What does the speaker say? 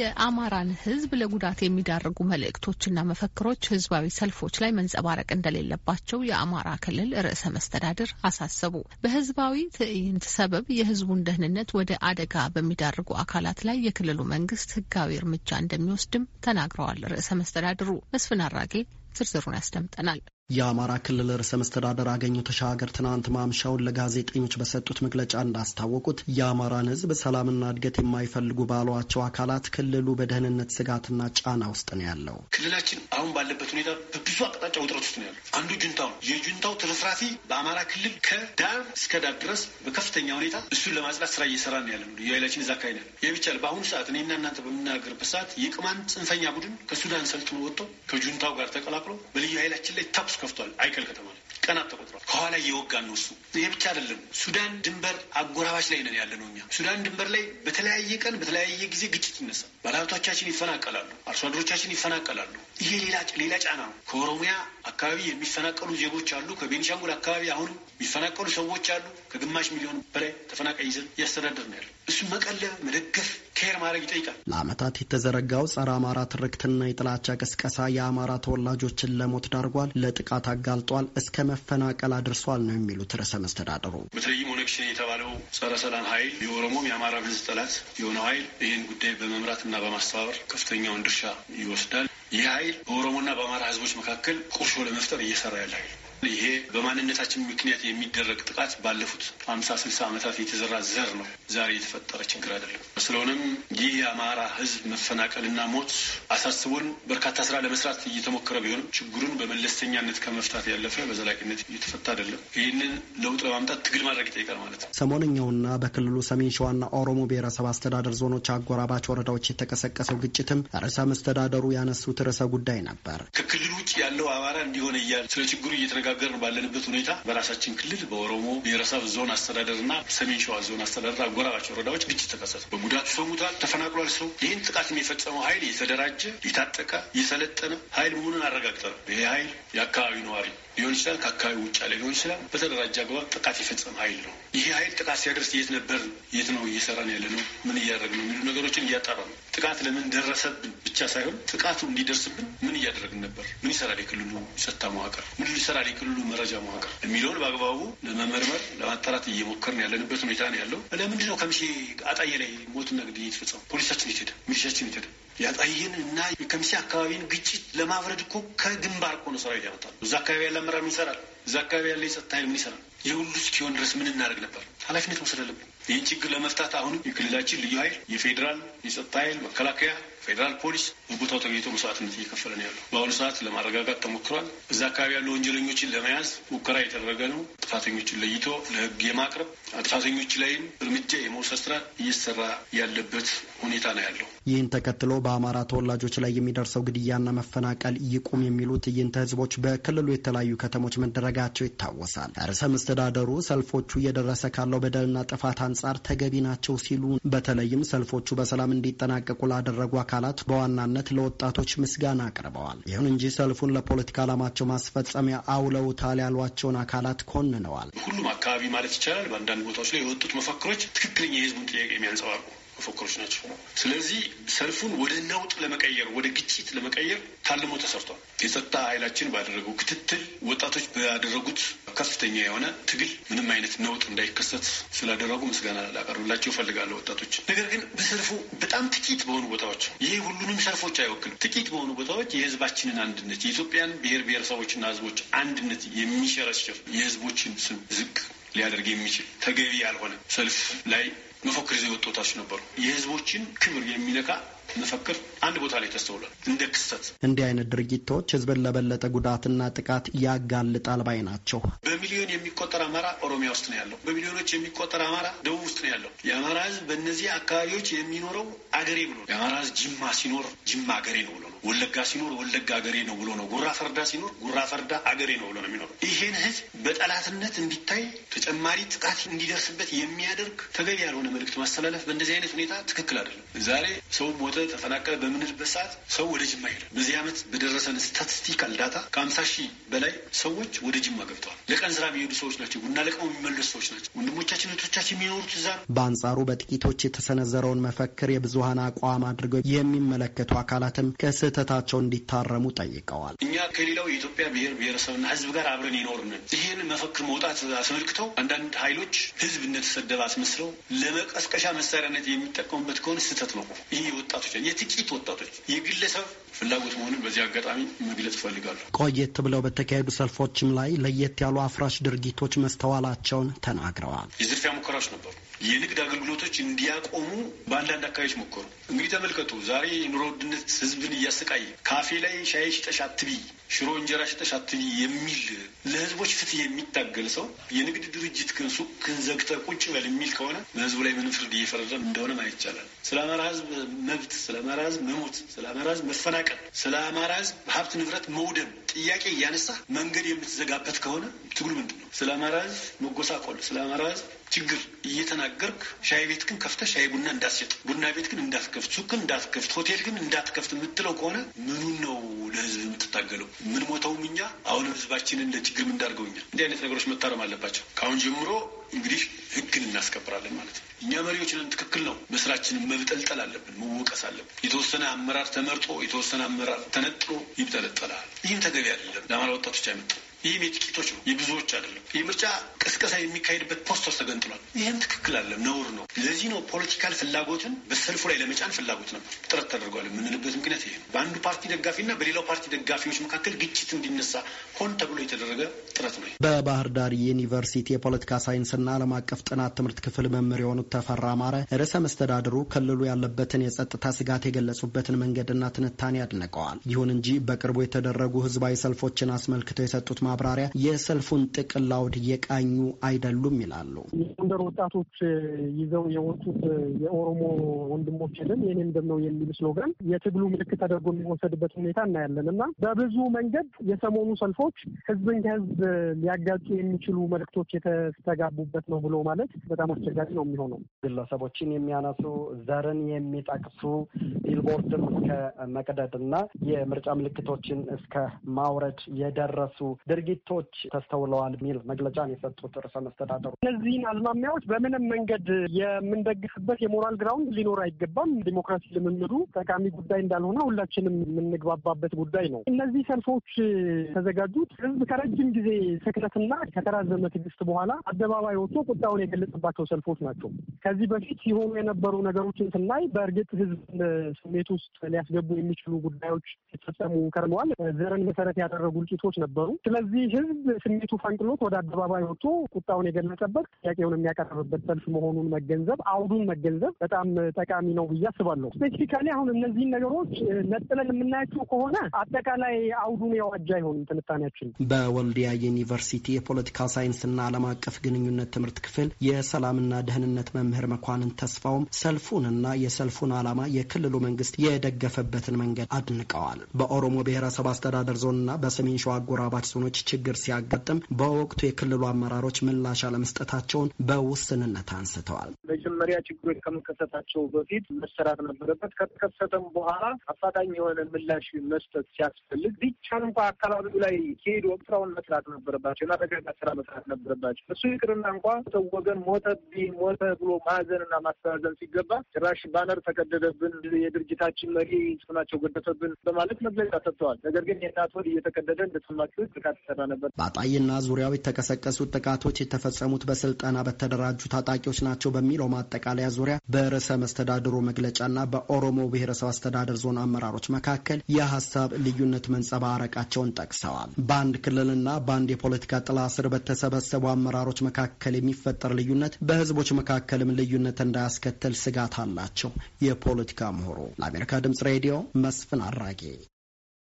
የአማራን ሕዝብ ለጉዳት የሚዳርጉ መልእክቶችና መፈክሮች ሕዝባዊ ሰልፎች ላይ መንጸባረቅ እንደሌለባቸው የአማራ ክልል ርዕሰ መስተዳድር አሳሰቡ። በሕዝባዊ ትዕይንት ሰበብ የሕዝቡን ደህንነት ወደ አደጋ በሚዳርጉ አካላት ላይ የክልሉ መንግስት ሕጋዊ እርምጃ እንደሚወስድም ተናግረዋል። ርዕሰ መስተዳድሩ መስፍን አራጌ ዝርዝሩን ያስደምጠናል። የአማራ ክልል ርዕሰ መስተዳደር አገኘሁ ተሻገር ትናንት ማምሻውን ለጋዜጠኞች በሰጡት መግለጫ እንዳስታወቁት የአማራን ሕዝብ ሰላምና እድገት የማይፈልጉ ባሏቸው አካላት ክልሉ በደህንነት ስጋትና ጫና ውስጥ ነው ያለው። ክልላችን አሁን ባለበት ሁኔታ በብዙ አቅጣጫ ውጥረት ውስጥ ነው ያለው። አንዱ ጁንታው ነው። የጁንታው ተረስራፊ በአማራ ክልል ከዳር እስከ ዳር ድረስ በከፍተኛ ሁኔታ እሱን ለማጽዳት ስራ እየሰራ ነው ያለ የኃይላችን እዛ አካባቢ ነው። ይህ በአሁኑ ሰዓት እኔና እናንተ በምናገርበት ሰዓት የቅማን ጽንፈኛ ቡድን ከሱዳን ሰልጥኖ ወጥቶ ከጁንታው ጋር ተቀላቅሎ በልዩ ኃይላችን ላይ ታኩስ ከፍቷል። አይከል ከተማ ላይ ቀናት ተቆጥሯል። ከኋላ እየወጋን ነው። እሱ ይህ ብቻ አይደለም። ሱዳን ድንበር አጎራባች ላይ ነን ያለ ነው። እኛ ሱዳን ድንበር ላይ በተለያየ ቀን በተለያየ ጊዜ ግጭት ይነሳል። ባለሀብቶቻችን ይፈናቀላሉ። አርሶ አደሮቻችን ይፈናቀላሉ። ይሄ ሌላ ጫና ነው ከኦሮሚያ አካባቢ የሚፈናቀሉ ዜጎች አሉ። ከቤኒሻንጉል አካባቢ አሁን የሚፈናቀሉ ሰዎች አሉ። ከግማሽ ሚሊዮን በላይ ተፈናቃይ ይዘን እያስተዳደር ነው ያለ እሱ መቀለብ፣ መደገፍ፣ ኬር ማድረግ ይጠይቃል። ለዓመታት የተዘረጋው ጸረ አማራ ትርክትና የጥላቻ ቅስቀሳ የአማራ ተወላጆችን ለሞት ዳርጓል፣ ለጥቃት አጋልጧል፣ እስከ መፈናቀል አድርሷል ነው የሚሉት ርዕሰ መስተዳድሩ። በተለይም ኦነግ ሸኔ የተባለው ጸረ ሰላም ኃይል የኦሮሞም የአማራ ህዝብ ጠላት የሆነው ኃይል ይህን ጉዳይ በመምራትና በማስተባበር ከፍተኛውን ድርሻ ይወስዳል። ይህ ኃይል በኦሮሞና በአማራ ህዝቦች መካከል ቁርሾ ለመፍጠር እየሰራ ያለ ኃይል ይሄ በማንነታችን ምክንያት የሚደረግ ጥቃት ባለፉት አምሳ ስልሳ ዓመታት የተዘራ ዘር ነው። ዛሬ የተፈጠረ ችግር አይደለም። ስለሆነም ይህ የአማራ ህዝብ መፈናቀልና ሞት አሳስቦን በርካታ ስራ ለመስራት እየተሞከረ ቢሆንም ችግሩን በመለስተኛነት ከመፍታት ያለፈ በዘላቂነት እየተፈታ አይደለም። ይህንን ለውጥ ለማምጣት ትግል ማድረግ ይጠይቃል ማለት ነው። ሰሞነኛውና በክልሉ ሰሜን ሸዋና ኦሮሞ ብሔረሰብ አስተዳደር ዞኖች አጎራባች ወረዳዎች የተቀሰቀሰው ግጭትም ርዕሰ መስተዳደሩ ያነሱት ርዕሰ ጉዳይ ነበር። ከክልል ውጭ ያለው አማራ እንዲሆነ እያል ስለ ችግሩ እየተነጋገርን ባለንበት ሁኔታ በራሳችን ክልል በኦሮሞ ብሔረሰብ ዞን አስተዳደርና ሰሜን ሸዋ ዞን አስተዳደር አጎራባች ወረዳዎች ግጭት ተከሰተ። ጉዳት ሰው ሙቷል፣ ተፈናቅሏል ሰው። ይህን ጥቃት የሚፈጸመው ኃይል የተደራጀ የታጠቀ የሰለጠነ ኃይል መሆኑን አረጋግጠ ይህ ኃይል የአካባቢ ነዋሪ ሊሆን ይችላል፣ ከአካባቢ ውጭ ያለ ሊሆን ይችላል። በተደራጀ አግባብ ጥቃት የፈጸመ ኃይል ነው። ይህ ኃይል ጥቃት ሲያደርስ የት ነበር፣ የት ነው እየሰራን ያለ ነው፣ ምን እያደረግ ነው የሚሉ ነገሮችን እያጣራ ነው። ጥቃት ለምን ደረሰብን ብቻ ሳይሆን ጥቃቱ እንዲደርስብን ምን እያደረግን ነበር፣ ምን ይሰራል የክልሉ ጸጥታ መዋቅር፣ ምን ይሰራል የክልሉ መረጃ መዋቅር የሚለውን በአግባቡ ለመመርመር ለማጣራት እየሞከርን ያለንበት ሁኔታ ነው ያለው። ለምንድን ነው ከምሽ አጣዬ ላይ ሞትና ግድያ የተፈጸመው ፖሊሳችን የት ሄደ? ሚሊሻችን የት ሄደ? ያጣይን እና ከሚሴ አካባቢን ግጭት ለማብረድ እኮ ከግንባር እኮ ነው ሰራዊት ያመጣል። እዛ አካባቢ ያለ አመራር ምን ይሰራል? እዛ አካባቢ ያለ የጸጥታ ኃይል ምን ይሰራል? ይህ ሁሉ እስኪሆን ድረስ ምን እናደርግ ነበር? ኃላፊነት መውሰድ አለብን። ይህን ችግር ለመፍታት አሁንም የክልላችን ልዩ ኃይል፣ የፌዴራል የጸጥታ ኃይል፣ መከላከያ፣ ፌዴራል ፖሊስ በቦታው ተገኝቶ መስዋዕትነት እየከፈለ ነው ያለው። በአሁኑ ሰዓት ለማረጋጋት ተሞክሯል። እዛ አካባቢ ያሉ ወንጀለኞችን ለመያዝ ሙከራ የተደረገ ነው። ጥፋተኞችን ለይቶ ለህግ የማቅረብ ጥፋተኞች ላይም እርምጃ የመውሰድ ስራ እየሰራ ያለበት ሁኔታ ነው ያለው። ይህን ተከትሎ በአማራ ተወላጆች ላይ የሚደርሰው ግድያና መፈናቀል ይቁም የሚሉ ትዕይንተ ህዝቦች በክልሉ የተለያዩ ከተሞች መደረጋቸው ይታወሳል። ርዕሰ አስተዳደሩ ሰልፎቹ እየደረሰ ካለው በደልና ጥፋት አንጻር ተገቢ ናቸው ሲሉ በተለይም ሰልፎቹ በሰላም እንዲጠናቀቁ ላደረጉ አካላት በዋናነት ለወጣቶች ምስጋና አቅርበዋል። ይሁን እንጂ ሰልፉን ለፖለቲካ ዓላማቸው ማስፈጸሚያ አውለውታል ያሏቸውን አካላት ኮንነዋል። ሁሉም አካባቢ ማለት ይቻላል በአንዳንድ ቦታዎች ላይ የወጡት መፈክሮች ትክክለኛ የህዝቡን ጥያቄ የሚያንጸባርቁ መፈክሮች ናቸው። ስለዚህ ሰልፉን ወደ ነውጥ ለመቀየር ወደ ግጭት ለመቀየር ታልሞ ተሰርቷል። የጸጥታ ኃይላችን ባደረገው ክትትል ወጣቶች ባደረጉት ከፍተኛ የሆነ ትግል ምንም አይነት ነውጥ እንዳይከሰት ስላደረጉ ምስጋና ላቀርብላቸው እፈልጋለሁ ወጣቶች። ነገር ግን በሰልፉ በጣም ጥቂት በሆኑ ቦታዎች ይሄ ሁሉንም ሰልፎች አይወክልም። ጥቂት በሆኑ ቦታዎች የህዝባችንን አንድነት የኢትዮጵያን ብሔር ብሔረሰቦችና ህዝቦች አንድነት የሚሸረሽር የህዝቦችን ስም ዝቅ ሊያደርግ የሚችል ተገቢ ያልሆነ ሰልፍ ላይ መፈክር ይዘው የወጡ ወጣቶች ነበሩ። የህዝቦችን ክብር የሚነካ መፈክር አንድ ቦታ ላይ ተስተውሏል። እንደ ክስተት እንዲህ አይነት ድርጊቶች ህዝብን ለበለጠ ጉዳትና ጥቃት ያጋልጣል ባይ ናቸው። በሚሊዮን የሚቆጠር አማራ ኦሮሚያ ውስጥ ነው ያለው። በሚሊዮኖች የሚቆጠር አማራ ደቡብ ውስጥ ነው ያለው። የአማራ ህዝብ በእነዚህ አካባቢዎች የሚኖረው አገሬ ብሎ የአማራ ህዝብ ጅማ ሲኖር ጅማ አገሬ ነው ብሎ ወለጋ ሲኖር ወለጋ አገሬ ነው ብሎ ነው፣ ጉራ ፈርዳ ሲኖር ጉራ ፈርዳ አገሬ ነው ብሎ ነው የሚኖረው። ይሄን ህዝብ በጠላትነት እንዲታይ ተጨማሪ ጥቃት እንዲደርስበት የሚያደርግ ተገቢ ያልሆነ መልእክት ማስተላለፍ በእንደዚህ አይነት ሁኔታ ትክክል አይደለም። ዛሬ ሰው ሞተ፣ ተፈናቀለ በምንልበት ሰዓት ሰው ወደ ጅማ ሄደ። በዚህ ዓመት በደረሰን ስታቲስቲካል ዳታ ከአምሳ ሺህ በላይ ሰዎች ወደ ጅማ ገብተዋል። ለቀን ስራ የሚሄዱ ሰዎች ናቸው። ቡና ለቅመው የሚመለሱ ሰዎች ናቸው። ወንድሞቻችን እህቶቻችን የሚኖሩት እዛ ነው። በአንጻሩ በጥቂቶች የተሰነዘረውን መፈክር የብዙሀን አቋም አድርገው የሚመለከቱ አካላትም ከስ ስህተታቸው እንዲታረሙ ጠይቀዋል። እኛ ከሌላው የኢትዮጵያ ብሔር ብሔረሰብና ህዝብ ጋር አብረን ይኖርንን ይህን መፈክር መውጣት አስመልክተው አንዳንድ ኃይሎች ህዝብ እንደተሰደበ አስመስለው ለመቀስቀሻ መሳሪያነት የሚጠቀሙበት ከሆነ ስህተት ነው። ይህ የወጣቶች የጥቂት ወጣቶች የግለሰብ ፍላጎት መሆኑን በዚህ አጋጣሚ መግለጽ እፈልጋለሁ። ቆየት ብለው በተካሄዱ ሰልፎችም ላይ ለየት ያሉ አፍራሽ ድርጊቶች መስተዋላቸውን ተናግረዋል። የዝርፊያ ሙከራዎች ነበሩ። የንግድ አገልግሎቶች እንዲያቆሙ በአንዳንድ አካባቢዎች ሞከሩ። እንግዲህ ተመልከቱ፣ ዛሬ ኑሮ ውድነት ህዝብን እያሰ አሰቃይ፣ ካፌ ላይ ሻይ ሽጠሽ አትቢ፣ ሽሮ እንጀራ ሽጠሽ አትቢ የሚል ለህዝቦች ፍትህ የሚታገል ሰው የንግድ ድርጅት ግን ሱቅህን ዘግተህ ቁጭ በል የሚል ከሆነ በህዝቡ ላይ ምን ፍርድ እየፈረደ እንደሆነ ማየት ይቻላል። ስለ አማራ ህዝብ መብት፣ ስለ አማራ ህዝብ መሞት፣ ስለ አማራ ህዝብ መፈናቀል፣ ስለ አማራ ህዝብ ሀብት ንብረት መውደም ጥያቄ እያነሳ መንገድ የምትዘጋበት ከሆነ ትግሉ ምንድን ነው? ስለ አማራ ህዝብ መጎሳቆል፣ ስለ አማራ ህዝብ ችግር እየተናገርክ ሻይ ቤት ግን ከፍተህ ሻይ ቡና እንዳትሸጥ፣ ቡና ቤት ግን እንዳትከፍት፣ ሱቅ ግን እንዳትከፍት፣ ሆቴል ግን እንዳትከፍት የምትለው ከሆነ ምኑን ነው ለህዝብ የምትታገለው? ምን ሞተውም እኛ አሁንም ህዝባችንን ለችግር ምንዳርገው እኛ። እንዲህ አይነት ነገሮች መታረም አለባቸው። ከአሁን ጀምሮ እንግዲህ ህግን እናስከብራለን ማለት ነው። እኛ መሪዎች ነን፣ ትክክል ነው። መስራችንን መብጠልጠል አለብን፣ መወቀስ አለብን። የተወሰነ አመራር ተመርጦ የተወሰነ አመራር ተነጥሎ ይብጠለጠላል። ይህም ተገቢ አይደለም። ለአማራ ወጣቶች አይመጣም። ይህም የጥቂቶች ነው፣ የብዙዎች አይደለም። የምርጫ ቅስቀሳ የሚካሄድበት ፖስተር ተገንጥሏል። ይህም ትክክል አለም፣ ነውር ነው። ለዚህ ነው ፖለቲካል ፍላጎትን በሰልፉ ላይ ለመጫን ፍላጎት ነበር ጥረት ተደርጓል የምንልበት ምክንያት ይሄ ነው። በአንዱ ፓርቲ ደጋፊና በሌላው ፓርቲ ደጋፊዎች መካከል ግጭት እንዲነሳ ሆን ተብሎ የተደረገ ጥረት ነው። በባህር ዳር ዩኒቨርሲቲ የፖለቲካ ሳይንስና ዓለም አቀፍ ጥናት ትምህርት ክፍል መምህር የሆኑት ተፈራ አማረ ርዕሰ መስተዳድሩ ክልሉ ያለበትን የጸጥታ ስጋት የገለጹበትን መንገድና ትንታኔ አድንቀዋል። ይሁን እንጂ በቅርቡ የተደረጉ ህዝባዊ ሰልፎችን አስመልክተው የሰጡት ማብራሪያ የሰልፉን ጥቅል አውድ የቃኙ አይደሉም ይላሉ። የጎንደር ወጣቶች ይዘው የወጡት የኦሮሞ ወንድሞች የለም የኔም ደም ነው የሚል ስሎጋን የትግሉ ምልክት ተደርጎ የሚወሰድበት ሁኔታ እናያለን እና በብዙ መንገድ የሰሞኑ ሰልፎች ህዝብን ከህዝብ ሊያጋጩ የሚችሉ መልእክቶች የተስተጋቡበት ነው ብሎ ማለት በጣም አስቸጋሪ ነው የሚሆነው። ግለሰቦችን የሚያነሱ ዘርን የሚጠቅሱ ቢልቦርድም እስከ መቅደድ እና የምርጫ ምልክቶችን እስከ ማውረድ የደረሱ ድር ድርጊቶች ተስተውለዋል የሚል መግለጫን የሰጡት ርዕሰ መስተዳደሩ እነዚህን አዝማሚያዎች በምንም መንገድ የምንደግፍበት የሞራል ግራውንድ ሊኖር አይገባም። ዲሞክራሲ ልምምዱ ጠቃሚ ጉዳይ እንዳልሆነ ሁላችንም የምንግባባበት ጉዳይ ነው። እነዚህ ሰልፎች ተዘጋጁት ህዝብ ከረጅም ጊዜ ስክነትና ከተራዘመ ትዕግስት በኋላ አደባባይ ወጥቶ ቁጣውን የገለጽባቸው ሰልፎች ናቸው። ከዚህ በፊት ሲሆኑ የነበሩ ነገሮችን ስናይ በእርግጥ ህዝብ ስሜት ውስጥ ሊያስገቡ የሚችሉ ጉዳዮች ሲፈጸሙ ከርመዋል። ዘርን መሰረት ያደረጉ እልቂቶች ነበሩ። ስለዚህ ስለዚህ ህዝብ ስሜቱ ፈንቅሎት ወደ አደባባይ ወጥቶ ቁጣውን የገለጸበት ጥያቄውን የሚያቀርብበት ሰልፍ መሆኑን መገንዘብ፣ አውዱን መገንዘብ በጣም ጠቃሚ ነው ብዬ አስባለሁ። ስፔሲፊካሊ አሁን እነዚህን ነገሮች ነጥለን የምናያቸው ከሆነ አጠቃላይ አውዱን የዋጃ አይሆንም ትንታኔያችን። በወልዲያ ዩኒቨርሲቲ የፖለቲካ ሳይንስና ዓለም አቀፍ ግንኙነት ትምህርት ክፍል የሰላምና ደህንነት መምህር መኳንን ተስፋውም ሰልፉንና የሰልፉን ዓላማ የክልሉ መንግስት የደገፈበትን መንገድ አድንቀዋል። በኦሮሞ ብሔረሰብ አስተዳደር ዞንና በሰሜን ሸዋ አጎራባች ዞኖች ችግር ሲያጋጥም በወቅቱ የክልሉ አመራሮች ምላሽ አለመስጠታቸውን በውስንነት አንስተዋል። መጀመሪያ ችግሮች ከመከሰታቸው በፊት መሰራት ነበረበት። ከተከሰተም በኋላ አፋጣኝ የሆነ ምላሽ መስጠት ሲያስፈልግ ቢቻል እንኳ አካባቢው ላይ ሲሄድ ስራውን መስራት ነበረባቸው። የማረጋጋት ስራ መስራት ነበረባቸው። እሱ ይቅርና እንኳ ሰው ወገን ሞተ ሞተ ብሎ ማዘንና ማስተዛዘን ሲገባ ጭራሽ ባነር ተቀደደብን፣ የድርጅታችን መሪ ስማቸው ገደፈብን በማለት መግለጫ ሰጥተዋል። ነገር ግን የእናት ወድ እየተቀደደ እንደሰማችሁት ጥቃት እየተሰራ ነበር። በአጣይና ዙሪያው የተቀሰቀሱት ጥቃቶች የተፈጸሙት በስልጠና በተደራጁ ታጣቂዎች ናቸው በሚለው ማጠቃለያ ዙሪያ በርዕሰ መስተዳድሩ መግለጫና በኦሮሞ ብሔረሰብ አስተዳደር ዞን አመራሮች መካከል የሀሳብ ልዩነት መንጸባረቃቸውን ጠቅሰዋል። በአንድ ክልልና በአንድ የፖለቲካ ጥላ ስር በተሰበሰቡ አመራሮች መካከል የሚፈጠር ልዩነት በህዝቦች መካከልም ልዩነት እንዳያስከትል ስጋት አላቸው የፖለቲካ ምሁሩ። ለአሜሪካ ድምጽ ሬዲዮ መስፍን አራጌ